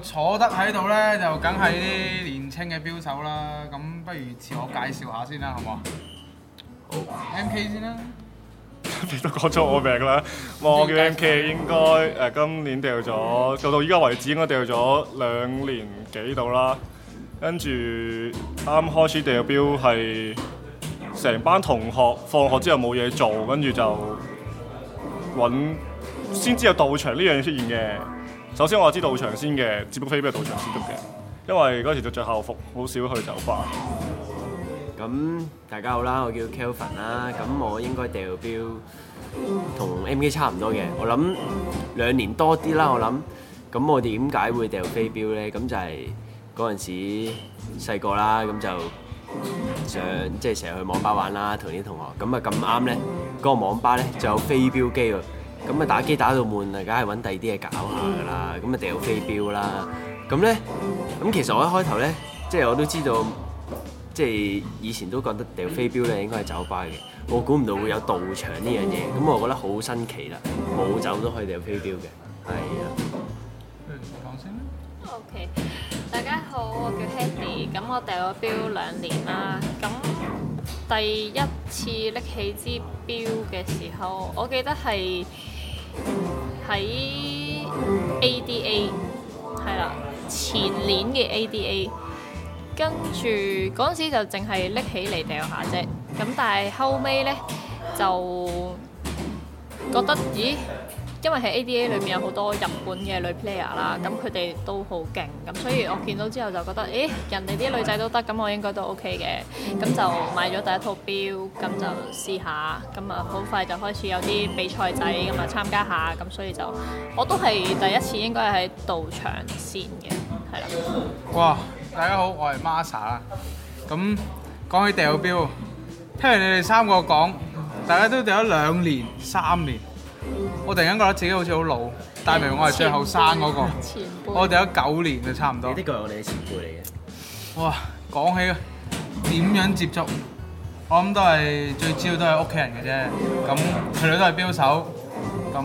坐得喺度咧，就梗係啲年青嘅標手啦。咁不如自我介紹下先啦，好唔好？好。Oh, wow. MK 先啦。 你都講咗我名啦。嗯、我叫 MK，應該誒、嗯呃、今年掉咗，做、嗯、到依家為止應該掉咗兩年幾度啦。跟住啱開始掉標係成班同學放學之後冇嘢做，跟住就揾先知有道，道場呢樣嘢出現嘅。首先我係知道，道場先嘅，接飛鏢係道場先接嘅，因為嗰時就着校服，好少去酒吧。咁大家好啦，我叫 Kelvin 啦，咁我應該掉鏢同 MK 差唔多嘅，我諗兩年多啲啦，我諗。咁我點解會掉飛鏢咧？咁就係嗰陣時細個啦，咁就上即係成日去網吧玩啦，同啲同學。咁啊咁啱咧，嗰個網吧咧就有飛鏢機喎。咁啊打機打到悶啦，梗係揾第二啲嘢搞下噶啦，咁啊掉飛鏢啦。咁咧，咁其實我一開頭咧，即係我都知道，即係以前都覺得掉飛鏢咧應該係酒吧嘅，我估唔到會有道場呢樣嘢。咁我覺得好新奇啦，冇酒都可以掉飛鏢嘅。係啊，嗯，放聲啦。OK，大家好，我叫 Hedy。咁我掉咗鏢兩年啦。咁第一次拎起支鏢嘅時候，我記得係。喺 ADA 係啦，前年嘅 ADA，跟住嗰陣時就淨係拎起嚟掉下啫，咁但係後尾呢，就覺得咦。因為喺 ADA 裏面有好多日本嘅女 player 啦，咁佢哋都好勁，咁所以我見到之後就覺得，誒、欸、人哋啲女仔都得，咁我應該都 OK 嘅，咁就買咗第一套鏢，咁就試下，咁啊好快就開始有啲比賽仔咁啊參加下，咁所以就我都係第一次應該係喺道場先嘅，係啦。哇，大家好，我係 Masa，咁講起掉鏢，聽完你哋三個講，大家都掉咗兩年、三年。我突然間覺得自己好似好老，但係明我係最後生嗰個。前前我哋有九年就差唔多。呢個係我哋嘅前輩嚟嘅。哇，講起點樣接觸，我諗都係最主要都係屋企人嘅啫。咁佢哋都係鏢手，咁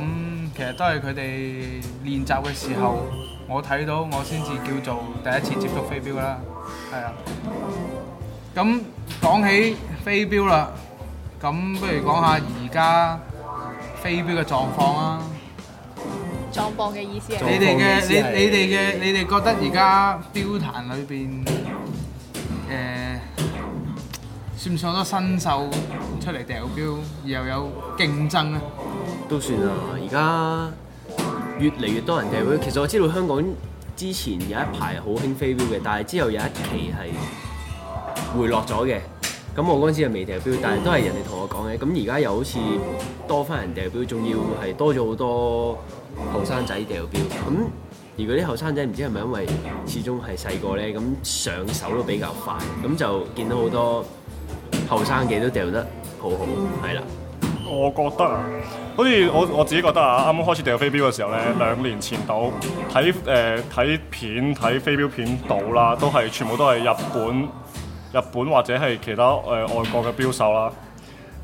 其實都係佢哋練習嘅時候，我睇到我先至叫做第一次接觸飛鏢啦。係啊。咁講起飛鏢啦，咁不如講下而家，飛鏢嘅狀況啊，狀況嘅意思係？你哋嘅你你哋嘅你哋覺得而家標壇裏邊誒算唔算好多新秀出嚟掟標，而又有競爭咧？都算啊！而家越嚟越多人掟標。其實我知道香港之前有一排好興飛鏢嘅，但係之後有一期係回落咗嘅。咁我嗰陣時係未掉標，但係都係人哋同我講嘅。咁而家又好似多翻人掉標，仲要係多咗好多後生仔掉標。咁如果啲後生仔唔知係咪因為始終係細個咧，咁上手都比較快，咁就見到好多後生嘅都掉得好好。係啦，我覺得好似我我自己覺得啊，啱啱開始掉飛鏢嘅時候咧，兩年前到睇誒睇片睇飛鏢片到啦，都係全部都係日本。日本或者係其他誒、呃、外國嘅標手啦，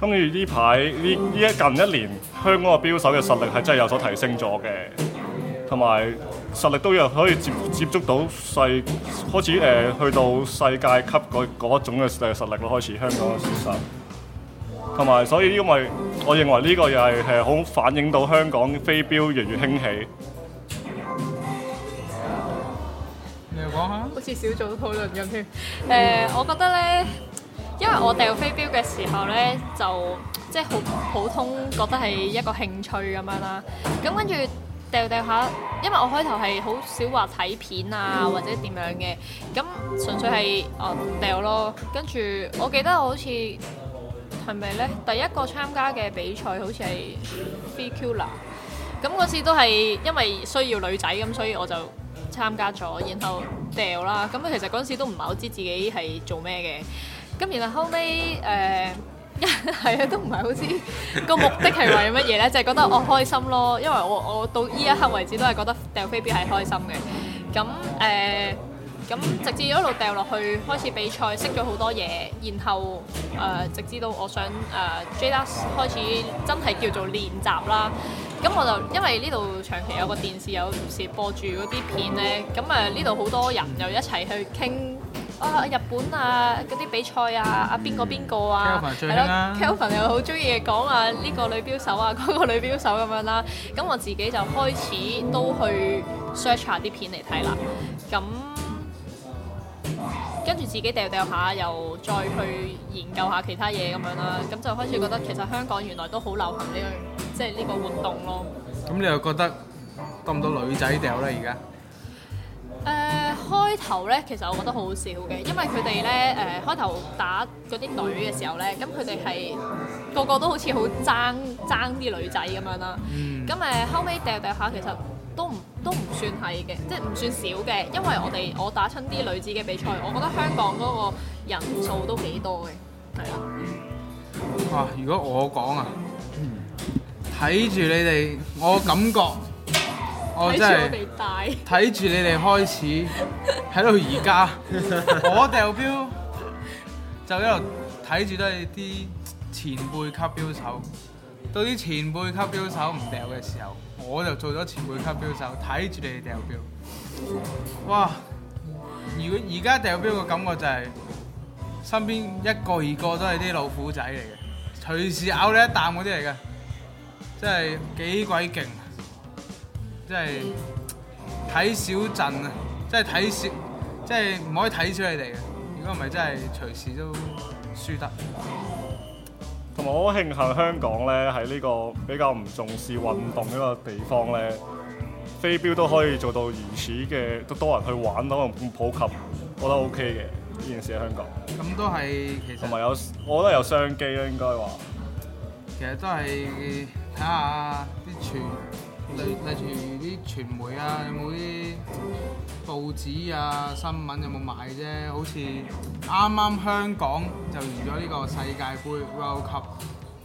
咁而呢排呢呢一近一年香港嘅標手嘅實力係真係有所提升咗嘅，同埋實力都有可以接接觸到世開始誒、呃、去到世界級嗰種嘅嘅實力嘅開始香港嘅標手，同埋所以因為我認為呢個又係係好反映到香港飛標越嚟越興起。Uh huh. 好似小組討論咁添。誒，uh, 我覺得呢，因為我掉飛鏢嘅時候呢，就即係好普通，覺得係一個興趣咁樣啦。咁跟住掉掉下，因為我開頭係好少話睇片啊或者點樣嘅，咁純粹係啊掉咯。跟住我記得我好似係咪呢？第一個參加嘅比賽好似係 BQ 啦。咁嗰次都係因為需要女仔咁，所以我就，參加咗，然後掉啦。咁啊，其實嗰陣時都唔係好知自己係做咩嘅。咁然後後尾，誒、呃，係啊，都唔係好知個目的係為乜嘢呢？就係、是、覺得我開心咯。因為我我到依一刻為止都係覺得掉 baby 係開心嘅。咁、嗯、誒。呃咁直至一路掉落去開始比賽，識咗好多嘢，然後誒直至到我想誒 JUS 開始真係叫做練習啦。咁我就因為呢度長期有個電視有時播住嗰啲片咧，咁啊，呢度好多人又一齊去傾啊日本啊嗰啲比賽啊，啊邊個邊個啊，係咯，Kelvin 又好中意講啊呢個女標手啊，嗰個女標手咁樣啦。咁我自己就開始都去 search 下啲片嚟睇啦。咁跟住自己掉掉下，又再去研究下其他嘢咁樣啦，咁就開始覺得其實香港原來都好流行呢、呢個即係呢個活動咯。咁、嗯、你又覺得多唔多女仔掉咧？而家？誒，開頭咧，其實我覺得好少嘅，因為佢哋咧誒開頭打嗰啲隊嘅時候咧，咁佢哋係個個都好似好爭爭啲女仔咁樣啦。咁誒、嗯、後尾掉掉下，其實都唔～都唔算係嘅，即係唔算少嘅，因為我哋我打親啲女子嘅比賽，我覺得香港嗰個人數都幾多嘅，係啊。哇！如果我講啊，睇住你哋，我感覺我真係大。睇住你哋開始，睇 到而家 我掉標就一路睇住都係啲前輩級標手，到啲前輩級標手唔掉嘅時候。我就做咗前輩級標手，睇住你哋掉標。哇！而而家掉標嘅感覺就係、係、身邊一個二個都係啲老虎仔嚟嘅，隨時咬你一啖嗰啲嚟嘅，真係幾鬼勁！真係睇小陣啊！真係睇小，真係唔可以睇小你哋嘅，如果唔係真係隨時都輸得。同埋我好慶幸香港咧，喺呢個比較唔重視運動呢個地方咧，飛鏢都可以做到如此嘅都多人去玩，可能咁普及，我覺得 OK 嘅呢件事喺香港。咁都係其實同埋有，我覺得有商機啦，應該話。其實都係睇下啲傳。看看例例如啲傳媒啊，有冇啲報紙啊、新聞有冇買啫？好似啱啱香港就完咗呢個世界盃 World Cup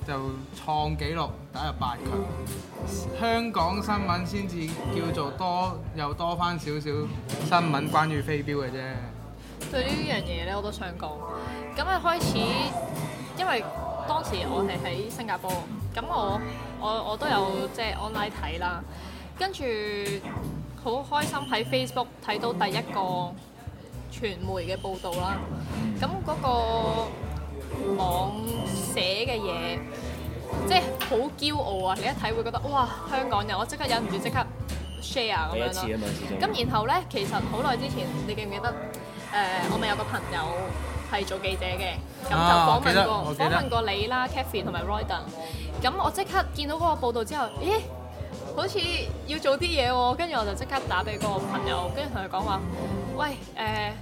就創紀錄打入八強，香港新聞先至叫做多又多翻少少新聞關於飛鏢嘅啫。對呢樣嘢咧，我都想講。咁啊，開始因為當時我係喺新加坡，咁我。我我都有即係 online 睇啦，跟住好開心喺 Facebook 睇到第一個傳媒嘅報導啦，咁嗰個網寫嘅嘢，即係好驕傲啊！你一睇會覺得哇，香港人，我即刻忍唔住即刻 share 咁樣咯。幾次啊嘛，始終。咁然後呢，其實好耐之前，你記唔記得？呃，我咪有個朋友。係做記者嘅，咁、啊、就訪問過訪問過你啦，Kathy 同埋 Ryden、嗯。咁我即刻見到嗰個報導之後，咦、欸，好似要做啲嘢喎。跟住我就即刻打俾個朋友，跟住同佢講話，喂，誒、呃，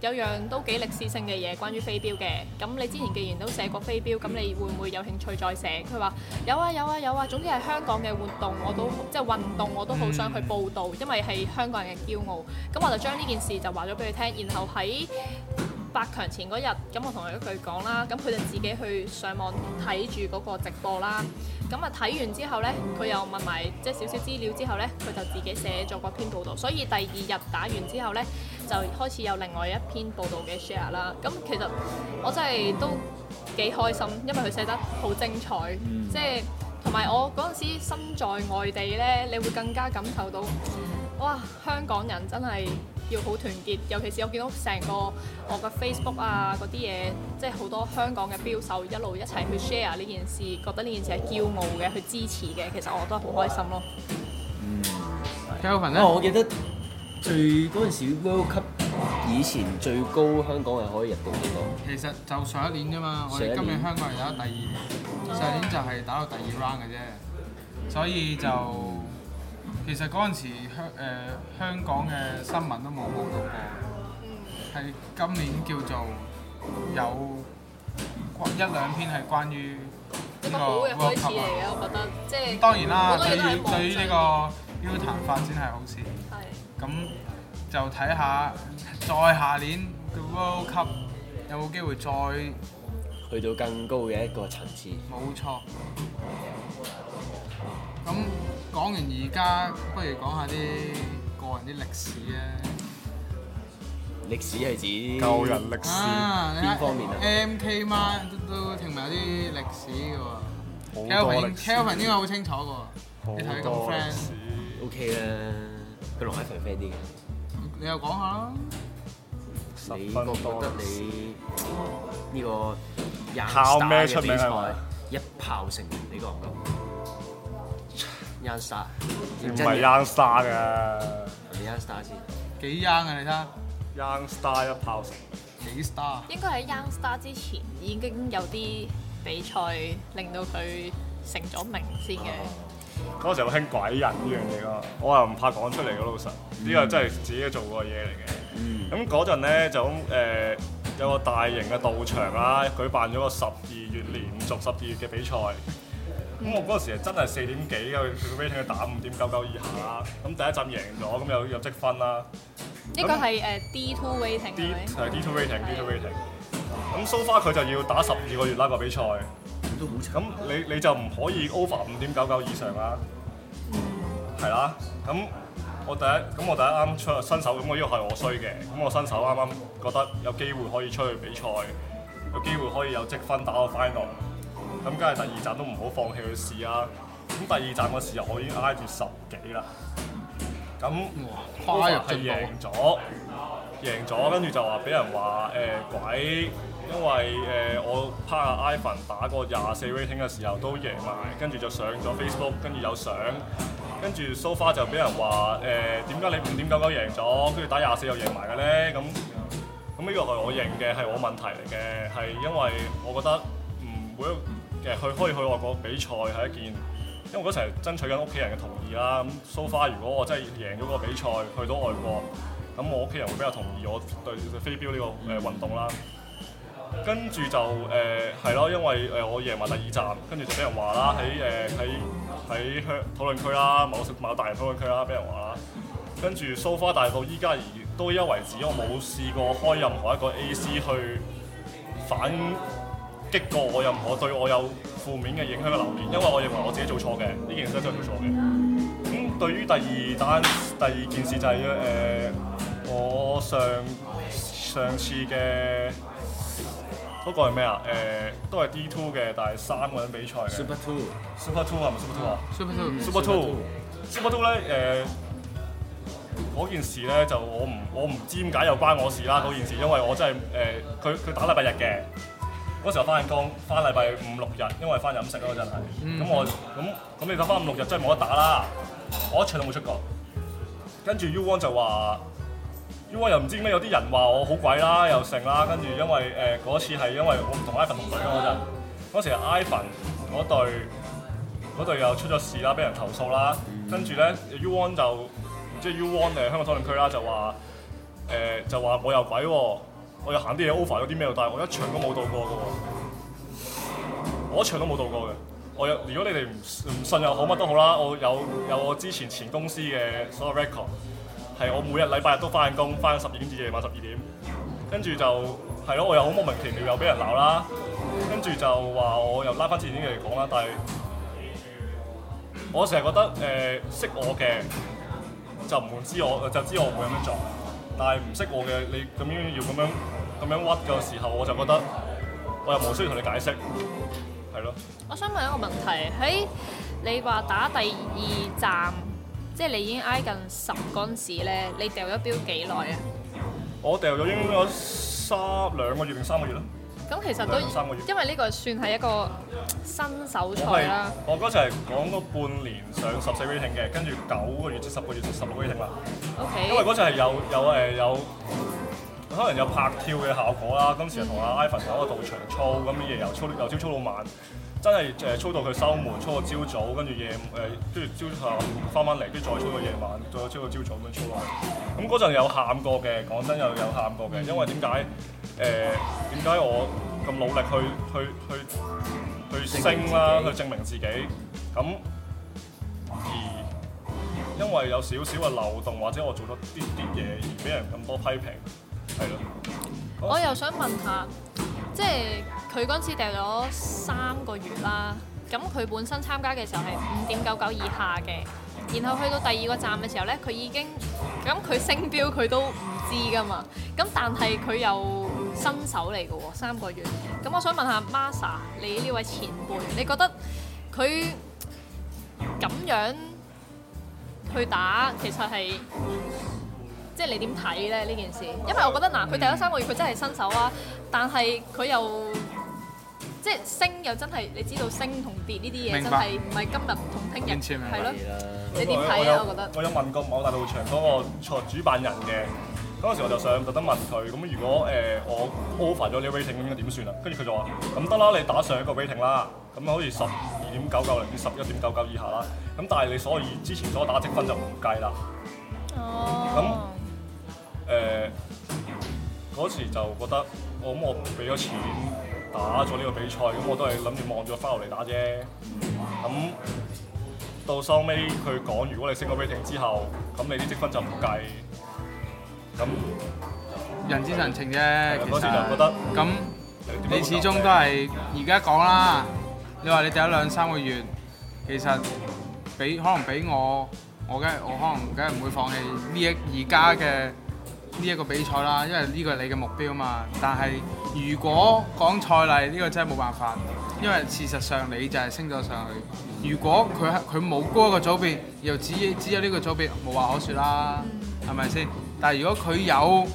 有樣都幾歷史性嘅嘢，關於飛鏢嘅。咁你之前既然都寫過飛鏢，咁你會唔會有興趣再寫？佢話：有啊，有啊，有啊。總之係香港嘅活動，我都即係、就是、運動，我都好想去報導，嗯、因為係香港人嘅驕傲。咁我就將呢件事就話咗俾佢聽，然後喺，八強前嗰日，咁我同佢一句講啦，咁佢就自己去上網睇住嗰個直播啦。咁啊睇完之後呢，佢又問埋即係少少資料之後呢，佢就自己寫咗個篇報導。所以第二日打完之後呢，就開始有另外一篇報導嘅 share 啦。咁其實我真係都幾開心，因為佢寫得好精彩，即係同埋我嗰陣時身在外地呢，你會更加感受到哇，香港人真係～要好團結，尤其是我見到成個我嘅 Facebook 啊，嗰啲嘢，即係好多香港嘅標手一路一齊去 share 呢件事，覺得呢件事係驕傲嘅，去支持嘅，其實我都係好開心咯。嗯，Kelvin 呢？哦，我記得最嗰陣時 World Cup 以前最高香港係可以入到幾多？其實就上一年啫嘛，我哋今年香港係打第二，上年就係打到第二 round 嘅啫，所以就。其實嗰陣時香誒、呃、香港嘅新聞都冇報導過，係、嗯、今年叫做有一兩篇係關於呢個 World Cup 我覺得。咁、即係、當然啦，對於對於呢個 U 壇發展係好事。係的。咁就睇下，再下年嘅 World Cup 有冇機會再去到更高嘅一個層次。冇錯。咁。講完而家，不如講下啲個人啲歷史啊！歷史係指舊人歷史，啊、邊方面啊，MK Ma？都都聽埋有啲歷史嘅喎。Kelvin，Kelvin 應該好清楚嘅喎。好多歷史。OK 啦，佢同 Ivan friend 啲嘅。你又講下啦。十分多歷史。你覺得你呢個一咩出比賽，啊、一炮成名呢個？你 Young 唔係 Young Star 嘅 Young Star 先，幾 Young 啊，你睇 Young Star 一炮成名，幾 star？應該喺 Young Star 之前已經有啲比賽令到佢成咗名先嘅。嗰陣、啊、時好興鬼人呢樣嘢嘅，我又唔怕講出嚟嘅老實，呢個真係自己做過嘢嚟嘅。咁嗰陣咧就咁誒、呃，有個大型嘅道場啦，舉辦咗個十二月連續十二月嘅比賽。咁我嗰時真係四點幾，佢個 rating 要打五點九九以下，咁第一陣贏咗，咁又有積分啦。呢個係誒 D two rating、啊。D two rating，D two rating。咁的 so far 佢就要打十二個月啦個比賽，咁、嗯、你你就唔可以 over 五點九九以上啦。係啦、嗯，咁我第一咁我第一啱出新手，咁我呢個係我衰嘅，咁我新手啱啱覺得有機會可以出去比賽，有機會可以有積分打到 final。咁梗係第二站都唔好放棄去試啊！咁第二站嘅時候，我已經挨住十幾啦。咁跨入就贏咗，贏咗跟住就話俾人話誒、呃、鬼，因為誒、呃、我趴下 iPhone 打個廿四 rating 嘅時候都贏埋，跟住就上咗 Facebook，跟住有相，跟住 s o 蘇花就俾人話誒，點解你五點九九贏咗，跟住打廿四又贏埋嘅咧？咁咁呢個係我贏嘅，係我問題嚟嘅，係因為我覺得唔每其去可以去外國比賽係一件，因為嗰陣係爭取緊屋企人嘅同意啦。咁 so far，如果我真係贏咗個比賽，去到外國，咁我屋企人會比較同意我對飛鏢呢個誒、呃、運動啦。跟住就誒係咯，因為誒、呃、我贏埋第二站，跟住就俾人話啦，喺誒喺喺香討論區啦，某小某大人討論區啦，俾人話啦。跟住 so far 大到依家而都因為止，我冇試過開任何一個 AC 去反。擊過我又唔可對我有負面嘅影響嘅留言，因為我認為我自己做錯嘅，呢件事真係做錯嘅。咁對於第二單第二件事就係、是、誒、呃，我上上次嘅嗰個係咩啊？誒都係、呃、D two 嘅，但係三個人比賽嘅。Super two，Super two 係咪 Super two 啊？Super two，Super two 咧誒、呃，嗰件事咧就我唔我唔知點解又關我事啦，嗰件事，因為我真係誒佢佢打禮拜日嘅。嗰時候翻緊工，翻禮拜五六日，因為翻飲食嗰陣係，咁、嗯、我咁咁你講翻五六日真係冇得打啦，我一場都冇出過。跟住 U One 就話，U One 又唔知咩，有啲人話我好鬼啦，又剩啦，跟住因為誒嗰、呃、次係因為我唔同 Ivan 同隊嗰陣，嗰時 Ivan 嗰隊嗰隊又出咗事啦，俾人投訴啦，跟住咧 U One 就即係 U One、呃、香港討論區啦，就話誒、呃、就話我有鬼喎、喔。我又行啲嘢 offer 咗啲咩但係，我一場都冇到過嘅喎，我一場都冇到過嘅。我又如果你哋唔唔信又好乜都好啦，我有有我之前前公司嘅所有 record，係我每日禮拜日都翻工，翻十二點至夜晚十二點，跟住就係咯，我又好莫名其妙又俾人鬧啦，跟住就話我又拉翻之前嘅嚟講啦，但係我成日覺得誒、呃、識我嘅就唔會知我，就知我會咁樣做。但係唔識我嘅你咁樣要咁樣咁樣屈嘅時候，我就覺得我又冇需要同你解釋，係咯。我想問一個問題，喺你話打第二站，即係你已經挨近十個時咧，你掉咗標幾耐啊？我掉咗應該有三兩個月定三個月啦。咁其實都三個月，因為呢個算係一個新手賽啦。我嗰陣係講個半年上十四 rating 嘅，跟住九個月至十個月至十六 rating 啦。Okay. 因為嗰陣係有有誒、呃、有可能有拍跳嘅效果啦。今時同阿 Ivan 有個道場操咁夜嘢，由操由朝操，操，操，操到晚，真係誒操到佢收門，操，操到朝早，跟住夜誒，跟住朝頭翻返嚟，跟住再操到夜晚，再操到朝早，咁操耐。咁嗰陣有喊過嘅，講真又有喊過嘅，嗯、因為點解？誒點解我咁努力去去去去升啦，證去證明自己咁，而因為有少少嘅漏洞，或者我做咗啲啲嘢而俾人咁多批評，係咯？我又想問下，即係佢嗰陣時訂咗三個月啦，咁佢本身參加嘅時候係五點九九以下嘅，然後去到第二個站嘅時候咧，佢已經咁佢升標佢都唔知噶嘛，咁但係佢又。新手嚟嘅喎，三個月。咁我想問下 Masa，你呢位前輩，你覺得佢咁樣去打，其實係即係你點睇咧呢件事？嗯、因為我覺得嗱，佢第一三個月佢真係新手啊，但係佢又即係升又真係，你知道升同跌呢啲嘢真係唔係今日同聽日係咯。你點睇啊？我覺得我有問過某大道場嗰個主辦人嘅。嗰時我就想特登問佢，咁如果誒、呃、我 over 咗呢個 rating，咁應該點算啊？跟住佢就話：咁得啦，你打上一個 rating 啦，咁好似十二點九九零至十一點九九以下啦，咁但係你所以之前所打積分就唔計啦。哦、oh。咁誒嗰時就覺得，咁我俾咗錢打咗呢個比賽，咁我都係諗住望住個花落嚟打啫。咁到收尾佢講，如果你升個 rating 之後，咁你啲積分就唔計。咁人之常情啫，的其實咁你始終都係而家講啦。你話你掟咗兩三個月，其實比可能比我，我梗係我可能梗係唔會放棄呢一而家嘅呢一個比賽啦，因為呢個係你嘅目標嘛。但係如果講賽例呢個真係冇辦法，因為事實上你就係升咗上去。如果佢係佢冇嗰個組別，又只只有呢個組別，無話可説啦，係咪先？但係如果佢有誒、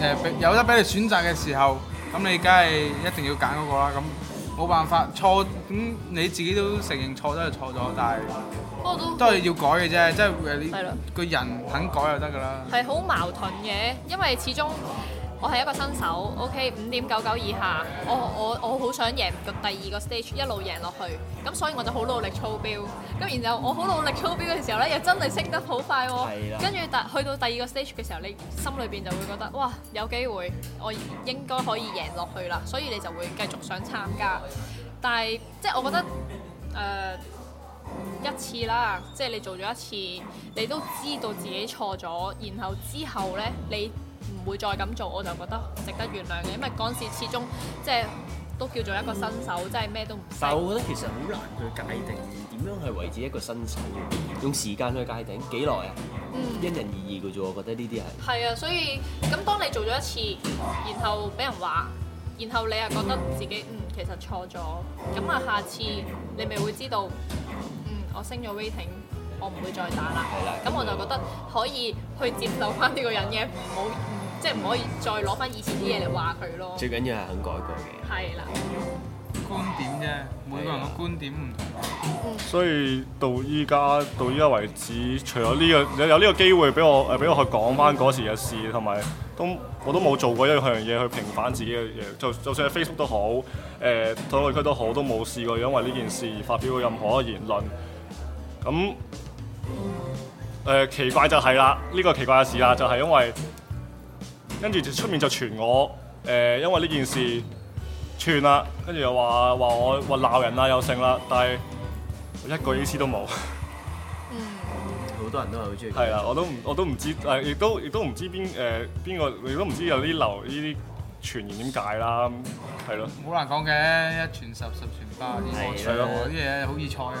呃、有得俾你選擇嘅時候，咁你梗係一定要揀嗰個啦。咁冇辦法，錯，咁、嗯、你自己都承認錯咗就錯咗，但係都係要改嘅啫，即、就、係、是、你個人肯改就得噶啦。係好矛盾嘅，因為始終。我係一個新手，OK，五點九九以下，我我我好想贏到第二個 stage，一路贏落去，咁所以我就好努力操標，咁然後我好努力操標嘅時候呢，又真係升得好快喎、哦，跟住第去到第二個 stage 嘅時候，你心裏邊就會覺得哇有機會，我應該可以贏落去啦，所以你就會繼續想參加，但係即係我覺得誒、呃、一次啦，即係你做咗一次，你都知道自己錯咗，然後之後呢。你。唔會再咁做，我就覺得值得原諒嘅，因為嗰時始終即係都叫做一個新手，即係咩都唔識。我覺得其實好難去界定點樣去維持一個新手嘅，用時間去界定幾耐啊？嗯、因人而異嘅啫，我覺得呢啲係。係啊，所以咁當你做咗一次，然後俾人話，然後你又覺得自己嗯其實錯咗，咁啊下次你咪會知道，嗯、我升咗 rating 我唔會再打啦。係啦、啊，咁我就覺得可以去接受翻呢個人嘅，唔好。即係唔可以再攞翻以前啲嘢嚟話佢咯。最緊要係肯改過嘅。係 對啦。觀點啫，每個人嘅觀點唔同、啊。 所以到依家到依家為止，除咗呢、這個有有呢個機會俾我誒俾、呃、我去講翻嗰時嘅事，同埋都我都冇做過一樣嘢去平反自己嘅嘢。就就算喺 Facebook 都好，誒討論區都好，都冇試過因為呢件事而發表過任何嘅言論。咁誒、呃、奇怪就係啦，呢、這個奇怪嘅事啦，就係、是、因為。跟住就出面就串我，誒、呃，因為呢件事串啦，啊，跟住又話話我話鬧人啊，又成啦，啊，但係我一個意思都冇。嗯，好多人都係好中意。係啦，我都唔我都唔知，誒、呃，亦都亦都唔知邊，誒、呃，邊個，亦都唔知有啲流呢啲。傳言點解啦？係咯，好難講嘅，一傳十十傳百啲，係啊，嗰啲嘢好易錯啊！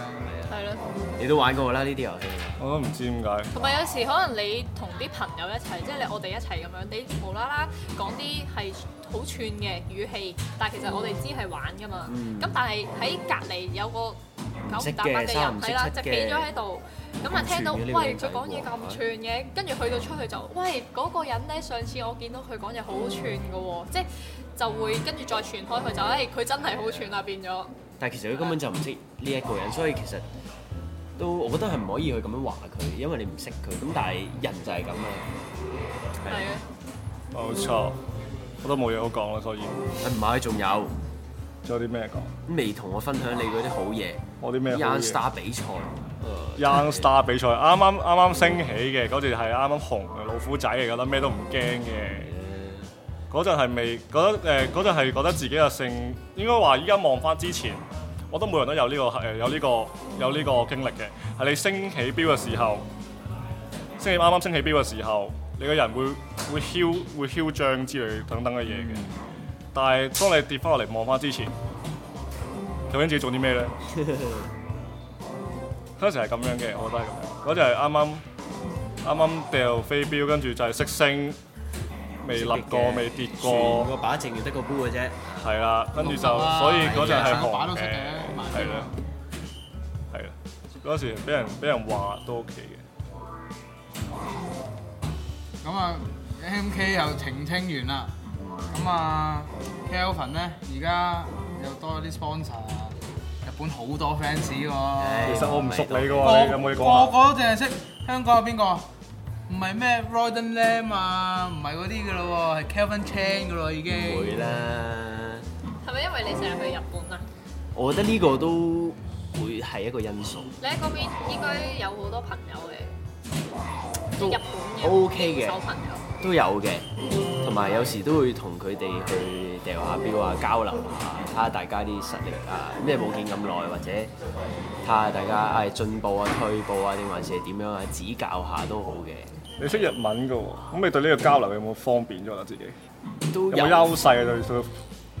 係咯，你都玩過啦呢啲遊戲，我都唔知點解。同埋有時可能你同啲朋友一齊，即係你我哋一齊咁樣，你無啦啦講啲係好串嘅語氣，但係其實我哋知係玩噶嘛。咁但係喺隔離有個九唔搭八嘅人係啦，就企咗喺度。咁啊！嗯、聽到喂，佢講嘢咁串嘅。的跟住去到出去就喂嗰、嗰個人咧。上次我見到佢講嘢好串嘅喎，即係就會跟住再傳開佢就誒、佢真係好串啦。變咗但係其實佢根本就唔識呢一個人，所以其實都我覺得係唔可以去咁樣話佢，因為你唔識佢。咁但係人就係咁啊，係啊，冇錯，我都冇嘢好講啦。所以誒、唔係，仲、嗯、有仲有啲咩講？未同我分享你嗰啲好嘢，我啲咩 Yan Star 比賽 Young Star 比賽啱啱啱啱升起嘅，嗰陣係啱啱紅嘅老虎仔，覺得咩都唔驚嘅。嗰陣係未覺得誒，嗰陣係覺得自己嘅性，應該話依家望翻之前，我都每人都有呢、呢個誒、呃，有呢、呢個有呢個經歷嘅。係你升起標嘅時候，升起啱啱升起標嘅時候，你個人會會囂會囂張之類等等嘅嘢嘅。但係當你跌翻落嚟望翻之前，究竟自己做啲咩咧？ 嗰陣時係咁樣嘅，我覺得係咁樣。嗰陣係啱啱啱啱掉飛鏢，跟住就係識星，未立過，未跌過。個把淨餘得個杯嘅啫。係啦，跟住就所以嗰陣係平嘅，係啦，係啦。嗰時俾人俾人話都 OK 嘅。咁啊，MK 又澄清完啦。咁啊，Kelvin 咧，而家又多咗啲 sponsor 啊。本好多 fans 喎、啊，其實我唔熟你嘅喎，我你有冇嘢講啊？個個都淨係識香港有邊個？唔係咩 Roden Lam 啊，唔係嗰啲嘅咯喎，係 Kelvin Chan 嘅咯已經。會啦。係咪因為你成日去日本啊？我覺得呢個都會係一個因素。你喺嗰邊應該有好多朋友嘅，都日本嘅 OK 嘅朋友都有嘅。同埋有時都會同佢哋去掉下鏢啊，交流下，睇下大家啲實力啊，咩冇見咁耐，或者睇下大家係進步啊、退步啊，定還是係點樣啊？指教下都好嘅。你識日文㗎喎，咁、嗯、你對呢個交流有冇方便咗啊？自己都有，有，有優勢對、啊、對，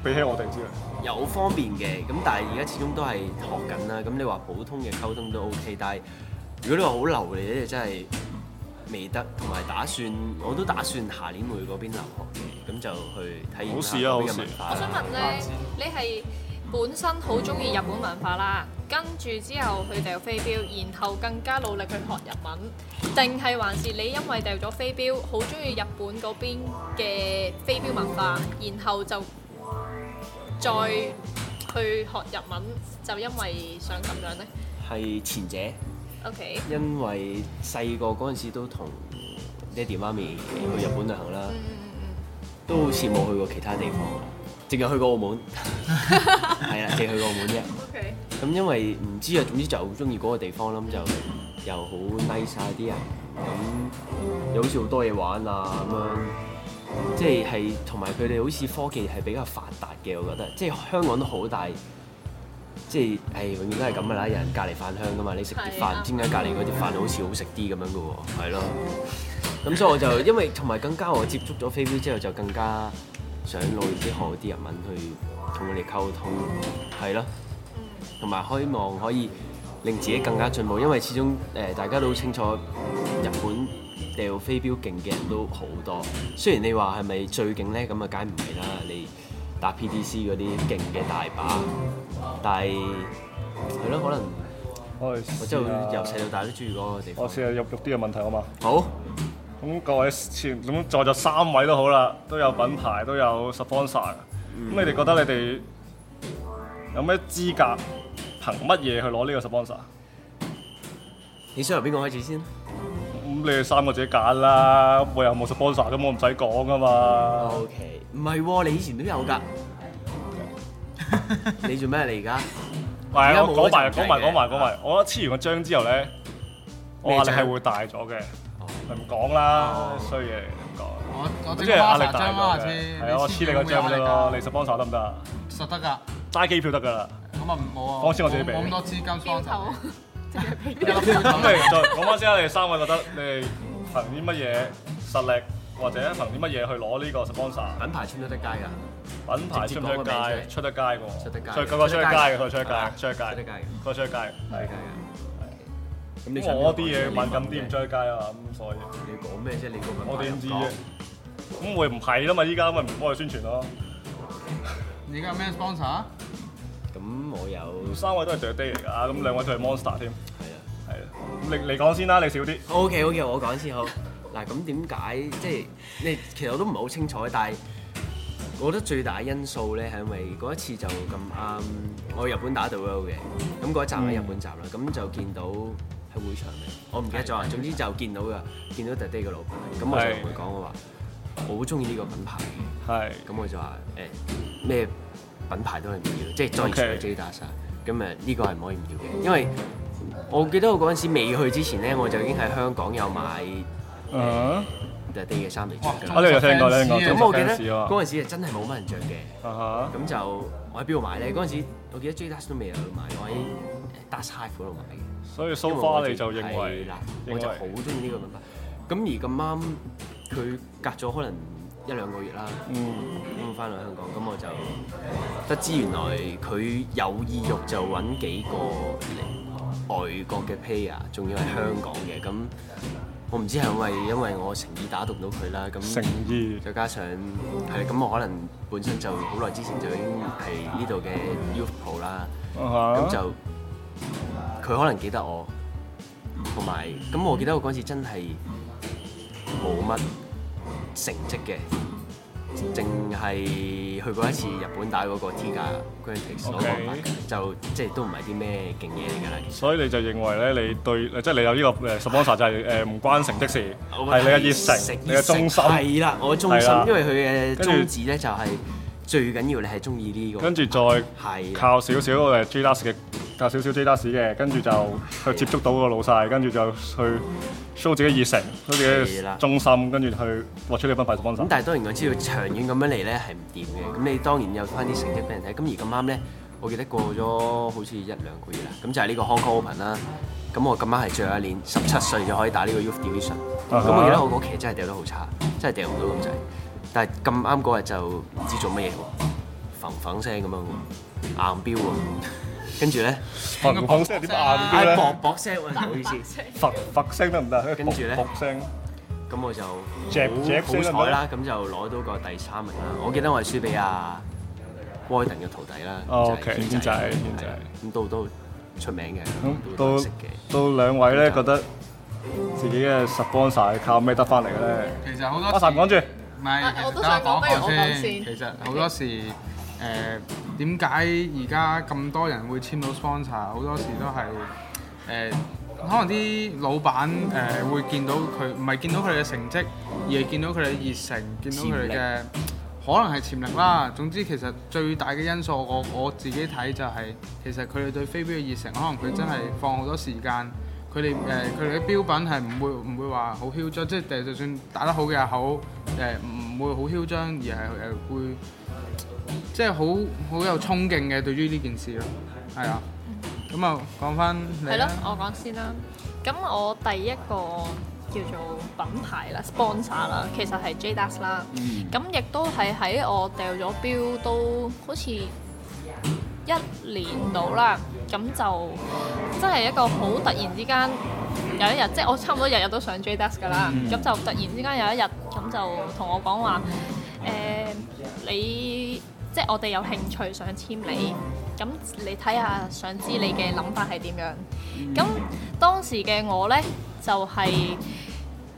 比起我哋之類。有方便嘅，咁但係而家始終都係學緊啦。咁你話普通嘅溝通都 OK，但係如果你話好流利咧，你真係。未得，同埋打算，我都打算下年去嗰邊留學，咁就去體驗下嗰邊嘅文化。我想問咧，化你係本身好中意日本文化啦，跟住之後去掉飛鏢，然後更加努力去學日文，定係還是你因為掉咗飛鏢，好中意日本嗰邊嘅飛鏢文化，然後就再去學日文，就因為想咁樣呢？係前者。Okay. 因為細個嗰陣時都同爹哋媽咪去日本旅行啦，嗯、都好似冇去過其他地方，淨係去過澳門，係啊， 淨去過澳門啫。咁 Okay.、嗯、因為唔知啊，總之就好中意嗰個地方啦，咁就又好 nice 啲啊。咁又、就是、好似好多嘢玩啊咁樣，即係係同埋佢哋好似科技係比較發達嘅，我覺得，即、就、係、是、香港都好大。即係、哎，永遠都係咁噶啦，有人隔離飯香噶嘛，你食啲飯，唔的知點解隔離嗰碟飯好似好食啲咁樣噶喎，係咯。咁 所以我就因為同埋更加我接觸咗飛鏢之後，就更加想努力啲學啲日文去同佢哋溝通，係咯。同埋、嗯、希望可以令自己更加進步，因為始終誒、呃、大家都好清楚日本掉飛鏢勁嘅人都好多。雖然你話係咪最勁咧，咁啊梗唔係啦，你。打 PDC 嗰啲勁嘅大把，但係係咯，可能我即係由細到大都中意嗰個地方。我試下入入啲嘅問題好嘛？好，咁好各位前咁在座三位都好啦，都有品牌，都有 sponsor、er。咁、嗯、你哋覺得你哋有咩資格？憑乜嘢去攞呢個 sponsor？、Er? 你想由邊個開始先？你哋三個自己揀啦，我又冇 support 咁，我唔使講㗎嘛。OK，唔係喎，你以前都有噶。你做咩嚟？你而家？啊，我講埋，講埋，講埋，講埋。我黐完個章之後咧，我壓力係會大咗嘅。唔講啦，衰嘢唔講。我我黐個章，黐，係啊，我黐你個章嘅咯。你 support 得唔得？實得㗎，揸機票得㗎啦。咁啊唔好啊，冇咁多資金 support。咁你再講翻先啦！你哋三位覺得你哋憑啲乜嘢實力，或者憑啲乜嘢去攞呢個 sponsor？品牌出得街㗎，品牌出唔出街？出得街嘅喎，出得街。所以個個出得街出得街，出得街出得街出得街，咁你我啲嘢敏感啲唔出得街啊？咁所以你講咩啫？你我點知啫？咁會唔係啦嘛？依家咪唔幫佢宣傳咯。你而家有咩 sponsor？咁我有三位都係 The Day 嚟㗎，咁兩位都係 Monster 添的。係啊，係啊。你你講先啦，你少啲。O K O K，我講先好。嗱，咁點解即係你其實我都唔係好清楚，但係我覺得最大因素咧，係因為嗰一次就咁啱，我日本打 The World 嘅，咁嗰一站喺日本站啦，咁、嗯、就見到喺會場，我唔記得咗啊。的總之就見到㗎，見到 The Day 個老闆，咁我就同佢講我話，我好中意呢個品牌。係的。咁我就話誒咩？欸品牌都係唔要，即係再 Okay. 除咗 JDarts，咁誒呢個係唔可以唔要嘅，因為我記得我嗰陣時未去之前咧，我就已經喺香港有買、uh huh. 呃、The Day 我有聽過咁我記得嗰陣時係真係冇乜人著嘅，咁、uh huh. 就我喺邊度買咧？嗰陣時我記得 JDarts 都未有去買，我喺 Dash Hive 度買嘅。所以 so far 你就認為，我就好中意呢個品牌。咁為而咁啱佢隔咗可能。一兩個月啦，搬翻嚟香港，咁我就得知原來佢有意欲就揾幾個嚟外國嘅 player 仲、嗯、要係香港嘅，咁我唔知係因為因為我誠意打動唔到佢啦，咁，誠意，再加上係咁，我可能本身就好耐之前就已經係呢度嘅 UFO 啦，咁、嗯、就佢、嗯、可能記得我，同埋咁我記得我嗰陣時真係冇乜。成績嘅，淨係去過一次日本打嗰個 T 架，嗰陣時攞冠軍，就即係都唔係啲咩勁嘢嚟㗎啦。所以你就認為咧，你對即係你有呢個誒 sponsor 就係誒唔關成績事，係你嘅熱誠，你嘅忠心係啦。我嘅忠心，因為佢嘅宗旨咧就係最緊要你係中意呢個。跟住再靠少少 JDarts 嘅。有少少 JDarts 嘅，跟住就去接觸到個老細，跟住就去 show 自己熱誠 s,、嗯、 自己忠心，跟住去獲取呢份快速方式。咁但係當然我知道長遠咁樣嚟咧係唔掂嘅，咁你當然有翻啲成績俾人睇。咁而咁啱咧，我記得過咗好似一兩個月啦，咁就係呢個 Hong Kong Open 啦。咁我咁啱係最後一年，十七歲就可以打呢個 Youth Division。咁我記得我嗰期真係掉得好差，真係掉唔到咁滯。但係咁啱嗰日就唔知做乜嘢喎，粉粉聲咁樣喎，硬標喎、啊。跟住咧，博博聲，唔好意思，佛佛聲得唔得？跟住咧，博聲，咁我就好好彩啦，咁就攞到個第三名啦。我記得我係輸俾阿 Boyden 嘅徒弟啦，即係編仔，編仔咁都都出名嘅。咁到到兩位咧，覺得自己嘅 sponsor 靠咩得返嚟嘅咧？其實好多阿 Sam 講住，唔係，我都想講多嘢。我講先，其實好多時。誒點解而家咁多人會簽到 sponsor？好多時都係誒、呃，可能啲老闆誒、呃、會見到佢，唔係見到佢哋嘅成績，而係見到佢哋嘅熱誠，見到佢哋嘅可能係潛力啦。嗯、總之其實最大嘅因素我，我我自己睇就係、是、其實佢哋對飛鏢嘅熱誠，可能佢真係放好多時間。嗯佢哋誒佢哋嘅標品係唔會唔會話好囂張，即係就算打得好嘅也好，誒唔會好囂張，而係誒會即係好好有衝勁嘅對於呢件事咯。係啊，咁啊講翻你啦。係、嗯、咯，我講先啦。咁我第一個叫做品牌啦，sponsor 啦，其實係 JDarts。嗯。咁亦都係喺我掉咗標都好似。一年到啦，咁就真係一個好突然之間有一日，即、就、係、是、我差唔多日日都上 JDarts 噶啦，咁、嗯、就突然之間有一日，咁哇就同我講話誒，你即係、就是、我哋有興趣想簽你，咁你睇下想知你嘅諗法係點樣？咁當時嘅我呢，就係、是、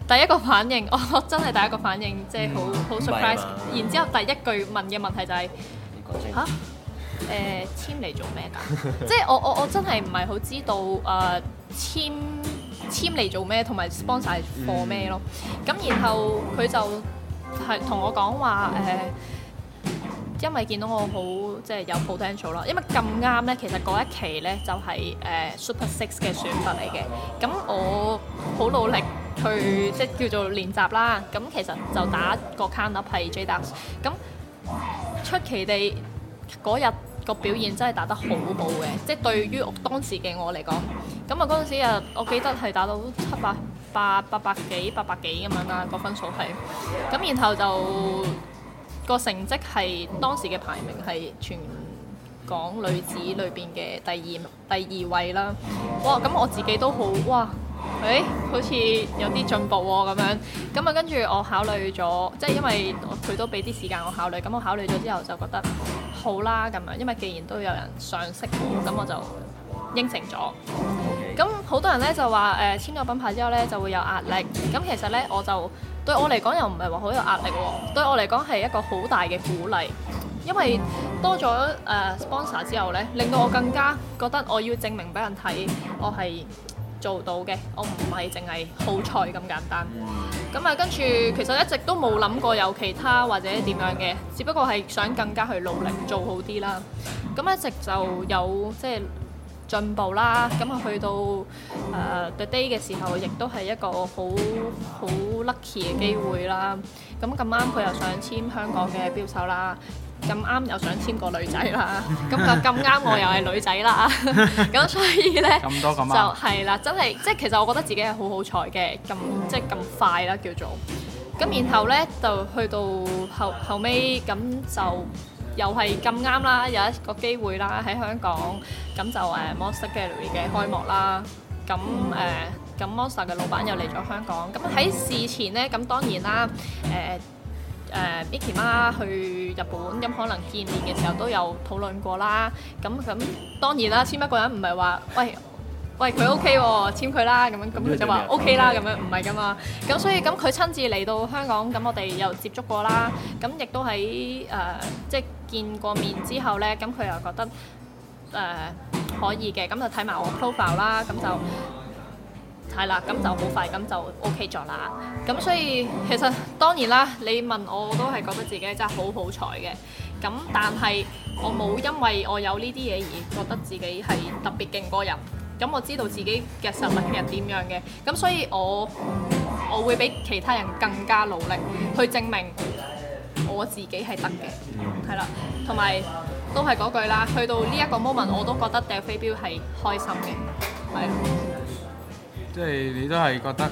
第一個反應，我 真係第一個反應，即係好好 surprise。然之後第一句問嘅問題就係、是、嚇。嗯誒、呃、簽嚟做咩㗎？ 即係我我我真係唔係好知道誒、呃、簽簽嚟做咩，同埋 sponsor 係做咩咯？咁、嗯、然後佢就係同我講話誒，因為見到我好即係有 potential 啦。因為咁啱咧，其實嗰一期咧就係、是、誒、呃、Super Six 嘅選拔嚟嘅。咁我好努力去即係叫做練習啦。咁其實就打個 count up 係 JDarts。咁出奇地嗰日個表現真係打得好好嘅，即係對於當時嘅我嚟講，咁啊嗰陣時啊，我記得係打到七百八八百幾八百幾咁樣啦，個分數係，咁然後就、個成績係當時嘅排名係全港女子裏邊嘅第二第二位啦，哇！咁我自己都好哇～誒、哎，好似有啲進步喎、哦、咁樣，咁啊跟住我考慮咗，即係因為佢都俾啲時間我考慮，咁我考慮咗之後就覺得好啦咁樣，因為既然都有人賞識我，咁我就應承咗。咁好 Okay. 多人呢，就話誒簽咗品牌之後呢，就會有壓力，咁其實呢，我就對我嚟講又唔係話好有壓力喎，對我嚟講係一個好大嘅鼓勵，因為多咗誒 sponsor 之後呢，令到我更加覺得我要證明俾人睇我係做到嘅，我唔係淨係好彩咁簡單。咁啊，跟住其實一直都冇諗過有其他或者點樣嘅，只不過係想更加去努力做好啲啦。咁一直就有即係進步啦。咁啊，去到誒、呃、The Day 嘅時候，亦都係一個好好 lucky 嘅機會啦。咁咁啱佢又想簽香港嘅標手啦。咁啱又想簽個女仔啦，咁 就咁啱我又係女仔啦，咁 所以呢就係啦，真係即係其實我覺得自己係好好彩嘅，咁即係咁快啦叫做。咁然後呢，就去到後後尾，咁就又係咁啱啦，有一個機會啦喺香港，咁就誒、uh, Monster Gallery 嘅開幕啦，咁誒咁、uh, Monster 嘅老闆又嚟咗香港，咁喺事前呢，咁當然啦誒。Uh, 誒 Mk Ma 去日本，咁可能見面嘅時候都有討論過啦。咁咁當然啦，簽一個人唔係話，喂喂佢 OK 喎，簽佢啦。咁樣咁佢就話 OK 啦。咁樣唔係噶嘛。咁所以咁佢親自嚟到香港，咁我哋又接觸過啦。咁亦都喺誒即係見過面之後呢，咁佢又覺得誒可以嘅，咁就睇埋我 profile 啦，咁就。係啦，咁就好快，咁就 OK 咗啦。咁所以，其實當然啦，你問我，我都係覺得自己真係好好彩嘅。咁但係我冇因為我有呢啲嘢而覺得自己係特別勁過人。咁我知道自己嘅實力係點樣嘅。咁所以我我會比其他人更加努力去證明我自己係得嘅。係啦，同埋都係嗰句啦。去到呢一個 moment，我都覺得掟飛鏢係開心嘅。係。即係你都係覺得，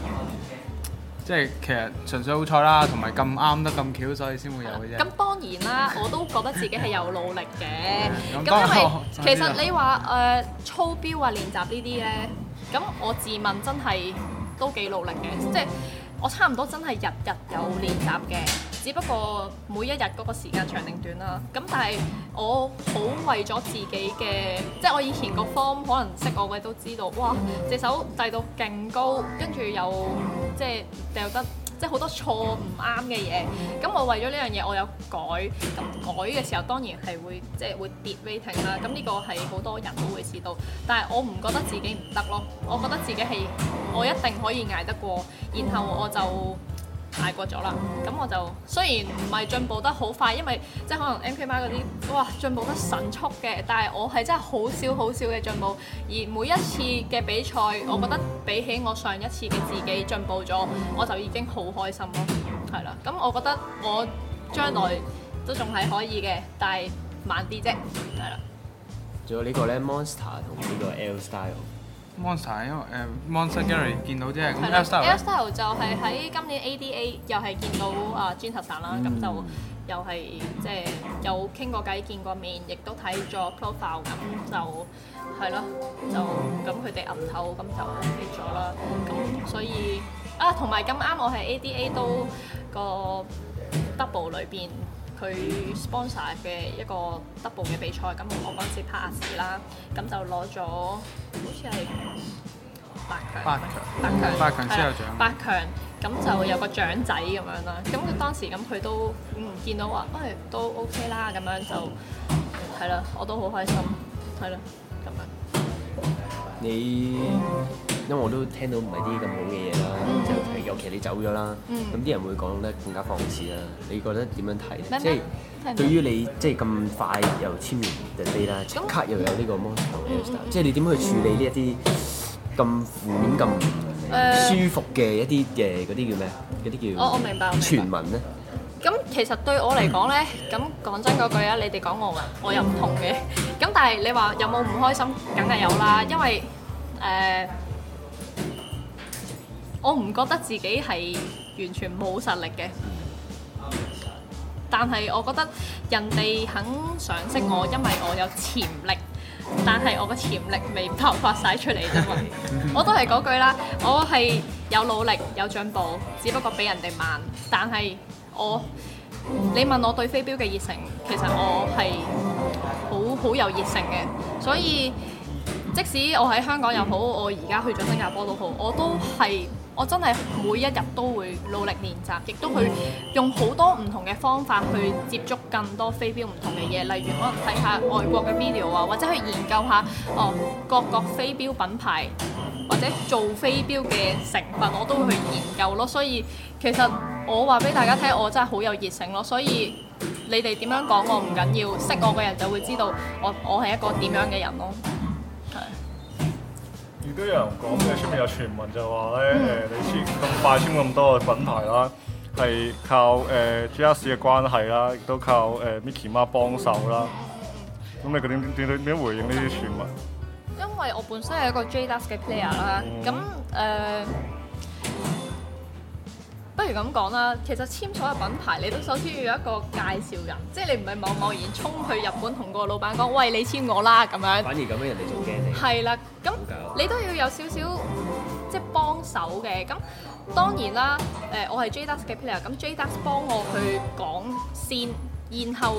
即係其實純粹好彩啦，同埋咁啱得咁巧，所以先會有嘅啫。咁、嗯、當然啦，我都覺得自己係有努力嘅。咁 因為其實你話誒、呃、操標啊練習呢啲咧，咁我自問真係都幾努力嘅，即係。我差唔多真係日日有練習嘅，只不過每一日嗰個時間長定短啦。咁但係我好為咗自己嘅，即係我以前個 form 可能識我嘅都知道，哇！隻手製到勁高，跟住又即係掉得。即係好多錯唔啱嘅嘢，咁我為咗呢樣嘢，我有改。咁改嘅時候，當然係會即係、就是、會跌 rating 啦。咁呢個係好多人都會試到，但係我唔覺得自己唔得咯。我覺得自己係我一定可以捱得過，然後我就。太過咗啦，咁我就雖然唔係進步得好快，因為即係可能 MK Ma 嗰啲哇進步得神速嘅，但係我係真係好少好少嘅進步，而每一次嘅比賽，我覺得比起我上一次嘅自己進步咗，我就已經好開心咯，係啦，咁我覺得我將來都仲係可以嘅，但係慢啲啫，係啦。仲有個呢個咧 Monster 同呢個 L Style。Monster 因為誒 Monster Gary、mm hmm. 見到即係。Airstyle 就係喺今年 Ada 又係見到啊鑽石蛋啦，咁就又係即係有傾過偈、見過面，亦都睇咗 profile，咁就係咯，就咁佢哋岌頭，咁就 OK 咗啦。咁所以啊，同埋咁啱，我係 Ada 都、嗰個 double 裏邊。佢 sponsor 嘅一個 double 嘅比賽，咁我嗰陣時 pass 啦，咁就攞咗好似係八強，八強，八強之後獎，八強，咁就有個獎仔咁樣啦。咁佢當時咁佢都唔、嗯、見到話，哎都 OK 啦，咁樣就係啦，我都好開心，係啦，咁樣你。因為我都聽到唔係啲咁好嘅嘢啦，就尤其你走咗啦，咁啲人會講得更加放肆啦。你覺得點樣睇？即係對於你即係咁快又簽完 The Day 啦，即刻又有呢個 Monster Hustle，即係你點樣去處理呢一啲咁負面、咁唔舒服嘅一啲嘅嗰啲叫咩啊？嗰啲叫哦，我明白，傳聞咧。咁其實對我嚟講咧，咁講真嗰句啊，你哋講我聞，我又唔同嘅。咁但係你話有冇唔開心，梗係有啦，因為誒。我唔覺得自己係完全冇實力嘅，但係我覺得人哋肯賞識我，因為我有潛力，但係我個潛力未爆發晒出嚟啫嘛， 我都係嗰句啦，我係有努力有進步，只不過比人哋慢。但係我，你問我對飛鏢嘅熱誠，其實我係好好有熱誠嘅，所以，即使我喺香港又好，我而家去咗新加坡都好，我都係，我真係每一日都會努力練習，亦都去用好多唔同嘅方法去接觸更多飛鏢唔同嘅嘢，例如可能睇下外國嘅 video 啊，或者去研究下哦各個飛鏢品牌或者做飛鏢嘅成分，我都會去研究咯。所以其實我話俾大家聽，我真係好有熱誠咯。所以你哋點樣講我唔緊要，識我嘅人就會知道我我係一個點樣嘅人咯。亦都有人講咩？出面有傳聞就話咧，誒、嗯呃、你簽咁快簽咁多嘅品牌啦，係靠誒、呃、JDarts 嘅關係啦，亦都靠誒、呃、Mickey 媽幫手啦。咁、啊、你佢點點點樣回應呢啲傳聞？因為我本身係一個 JDarts 嘅 player 啦、嗯，咁誒。呃不如咁講啦，其實簽咗嘅品牌，你都首先要有一個介紹人，即係你唔係貿貿然衝去日本同個老闆講，喂，你簽我啦咁樣。反而咁樣人哋仲驚你。係啦，咁你都要有少少即係幫手嘅。咁當然啦，誒、呃，我係 JDarts 嘅 player 咁 JDarts 幫我去講先，然後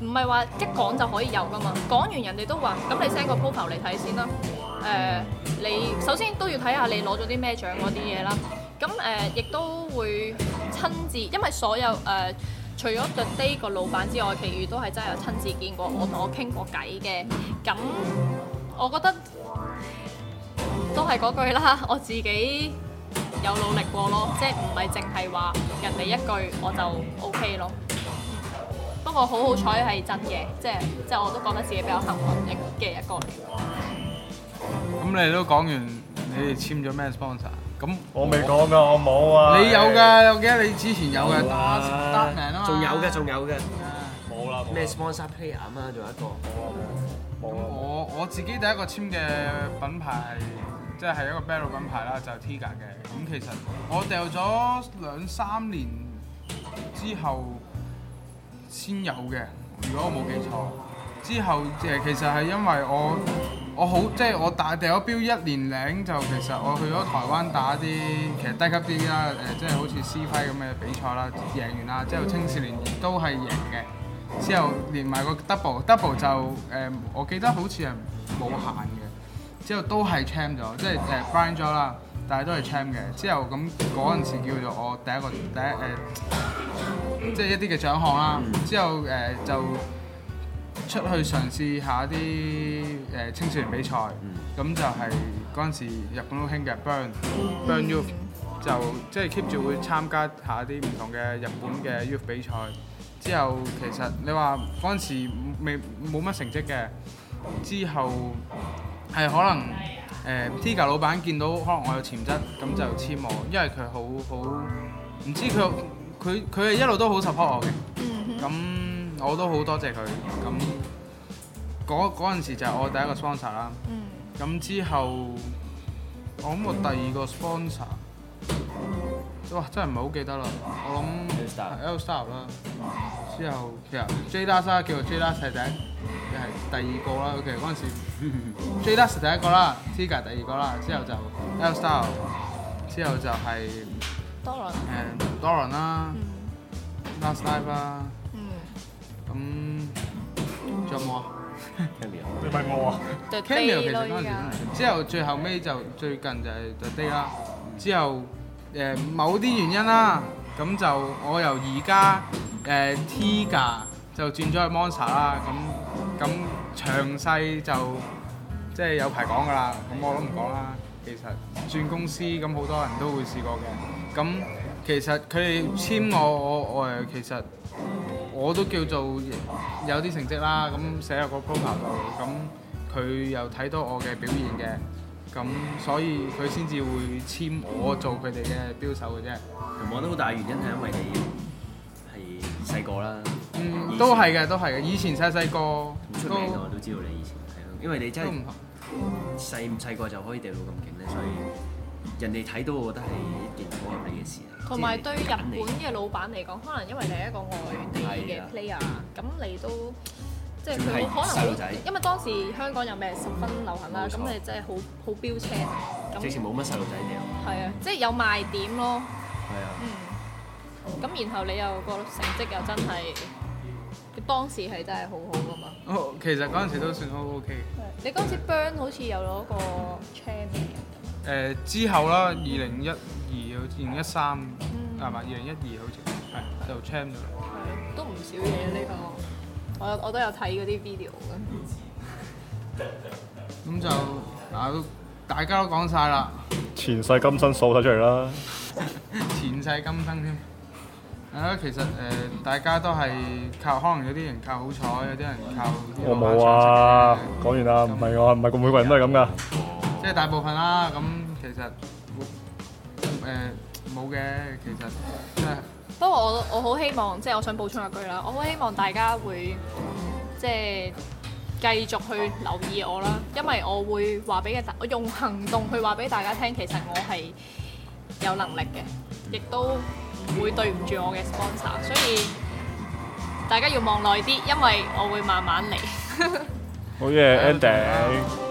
唔係話一講就可以有噶嘛。講完人哋都話，咁你 send 個 proposal 嚟睇先啦。誒、呃，你首先都要睇下你攞咗啲咩獎嗰啲嘢啦。嗯嗯咁誒，亦、呃、都會親自，因為所有誒、呃，除咗 The Day 個老闆之外，其餘都係真係有親自見過，嗯、我同我傾過偈嘅。咁我覺得都係嗰句啦，我自己有努力過咯，即係唔係淨係話人哋一句我就 OK 咯。不過好好彩係真嘅，即係即係我都覺得自己比較幸運嘅一個。咁你都講完，你哋簽咗咩 sponsor？咁我，我未講㗎，我冇啊！你有㗎，我記得你之前有嘅，有啊、打打名啊仲有嘅，仲有嘅，冇啦、啊。咩 sponsor player 啊嘛，仲有一個，冇。咁我我自己第一個簽嘅品牌係，即係係一個 ballo 品牌啦，就係、Tiga 嘅。咁其實我掉咗兩三年之後先有嘅，如果我冇記錯。之後誒，其實係因為我。我好即係我打定咗標一年領，就其實我去咗台灣打啲其實低級啲啦，誒即係好似 C 揮咁嘅比賽啦，贏完啦，之後青少年都係贏嘅，之後連埋個 double double 就誒、呃、我記得好似係冇限嘅，之後都係 champ 咗，即係誒 find 咗啦，但係都係 champ 嘅，之後咁嗰陣時叫做我第一個第、呃、一誒即係一啲嘅獎項啦，之後誒、呃、就。出去嘗試一下啲誒青少年比賽，咁、mm hmm. 就係嗰陣時日本都興嘅 burn burn youth，就即係、就是、keep 住會參加一下啲唔同嘅日本嘅 youth 比賽。之後其實你話嗰陣時未冇乜成績嘅，之後係可能誒、呃、Tiga 老闆見到可能我有潛質，咁就簽我，因為佢好好，唔知佢佢佢係一路都好 support 我嘅，咁、mm。Hmm. 我都好多謝佢咁，嗰嗰陣時就係我第一個 sponsor 啦。咁之後，我諗我第二個 sponsor，哇真係唔係好記得啦。我諗 L-style 啦。之後其實 JDarts 啊，叫做 JDarts 係第一，又係第二個啦。其實嗰陣時 JDarts 係第一個啦，Tiga 第二個啦，之後就 L-style，之後就係 Doran，誒 Doran 啦，Last Life 啦。咁仲有冇啊？Camille，唔係我啊。Camille 其實嗰陣時都唔算，之後最後尾就最近就係 The Day 啦。之後誒某啲原因啦，咁就我由而家誒 Tiga 就轉咗去 Monster 啦。咁咁詳細就即係有排講㗎啦。咁我都唔講啦。其實轉公司咁好多人都會試過嘅。咁其實佢哋簽我，我我誒其實。我都叫做有啲成績啦，咁寫入個 program 度，咁佢又睇到我嘅表現嘅，咁所以佢先至會簽我做佢哋嘅標手嘅啫。唔望得好大原因係因為你係細個啦。嗯，都係嘅，都係嘅。以前細細個都出名嘅，我都，都知道你以前，因為你真係細細個就可以掉到咁勁咧，所以。人哋睇到我覺得係一件好合理嘅事，同埋對日本嘅老闆嚟講，可能因為你係一個外地嘅 player，咁、啊、你都即係冇可能。細路仔，因為當時香港又未十分流行啦，咁錯你真係好好飆車，咁之前冇乜細路仔嘅。係那啊，即、就、係、是、有賣點咯。係啊。咁、嗯、然後你又、那個成績又真係，佢當時係真係好好噶嘛、哦。其實嗰陣時都算、哦、時好 O K 你嗰陣時 burn 好似有攞個 chain。誒之後啦，二零一二好似，二零一三，係咪？二零一二好似，係就 change 咗。係，都唔少嘢呢個。我我都有睇嗰啲 video 嘅。咁就嗱，大家都講晒啦。前世今生數睇出嚟啦。前世今生添。係啊，其實誒，大家都係靠，可能有啲人靠好彩，有啲人靠。我冇啊！講完啦，唔係我，唔係個每個人都係咁㗎，即係大部分啦，咁其實誒冇嘅，其實、呃、 不過我我好希望，即、就、係、是、我想補充一句啦，我好希望大家會即係、就是、繼續去留意我啦，因為我會話俾嘅，我用行動去話俾大家聽，其實我係有能力嘅，亦都唔會對唔住我嘅 sponsor，所以大家要望耐啲，因為我會慢慢嚟。好嘢，Andy。